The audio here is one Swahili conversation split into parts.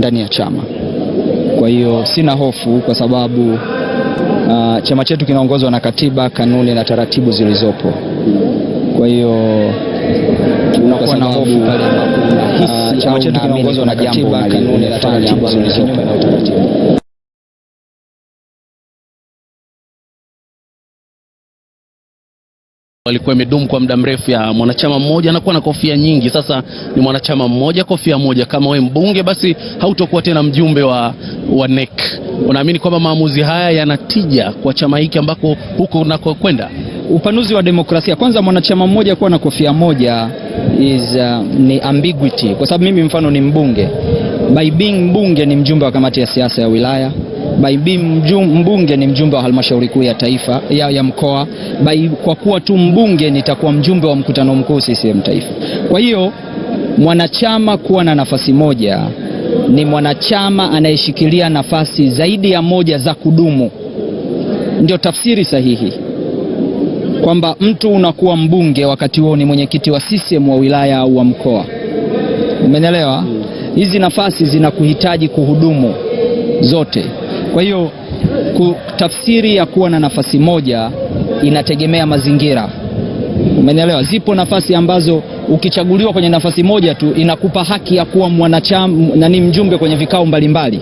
ndani ya chama. Kwa hiyo sina hofu kwa sababu uh, chama chetu kinaongozwa na katiba, kanuni na taratibu zilizopo. Kwa hiyo tunakuwa na hofu pale ambapo uh, unahisi chama chetu kinaongozwa na katiba, kanuni na taratibu zilizopo. alikuwa imedumu kwa muda mrefu ya mwanachama mmoja anakuwa na kofia nyingi. Sasa ni mwanachama mmoja, kofia moja. Kama we mbunge, basi hautokuwa tena mjumbe wa, wa NEC. Unaamini kwamba maamuzi haya yanatija kwa chama hiki ambako huko unakokwenda? Upanuzi wa demokrasia kwanza, mwanachama mmoja kuwa na kofia moja is uh, ni ambiguity, kwa sababu mimi mfano ni mbunge, by being mbunge ni mjumbe wa kamati ya siasa ya wilaya Baibimu mbunge ni mjumbe wa halmashauri kuu ya taifa ya, ya mkoa Bai, kwa kuwa tu mbunge nitakuwa mjumbe wa mkutano mkuu CCM taifa. Kwa hiyo mwanachama kuwa na nafasi moja ni mwanachama anayeshikilia nafasi zaidi ya moja za kudumu, ndio tafsiri sahihi kwamba mtu unakuwa mbunge wakati huo ni mwenyekiti wa CCM wa wilaya au wa mkoa. umenielewa? Mm. Hizi nafasi zinakuhitaji kuhudumu zote. Kwa hiyo tafsiri ya kuwa na nafasi moja inategemea mazingira, umenielewa? Zipo nafasi ambazo ukichaguliwa kwenye nafasi moja tu inakupa haki ya kuwa mwanachama nani, mjumbe kwenye vikao mbalimbali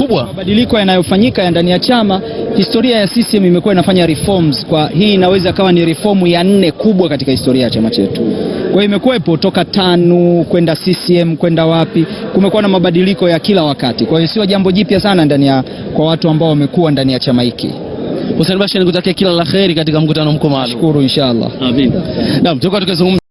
kubwa. Mabadiliko yanayofanyika ya ndani ya chama, historia ya CCM imekuwa inafanya reforms, kwa hii inaweza kawa ni reformu ya nne kubwa katika historia ya chama chetu kwa imekuwepo toka TANU kwenda CCM kwenda wapi, kumekuwa na mabadiliko ya kila wakati, kwa hiyo sio jambo jipya sana ndani ya kwa watu ambao wamekuwa ndani ya chama hiki. Hussein Bashir, nikutakia kila la heri katika mkutano mkuu maalum. Shukuru inshallah. Amin. Naam, tukizungumza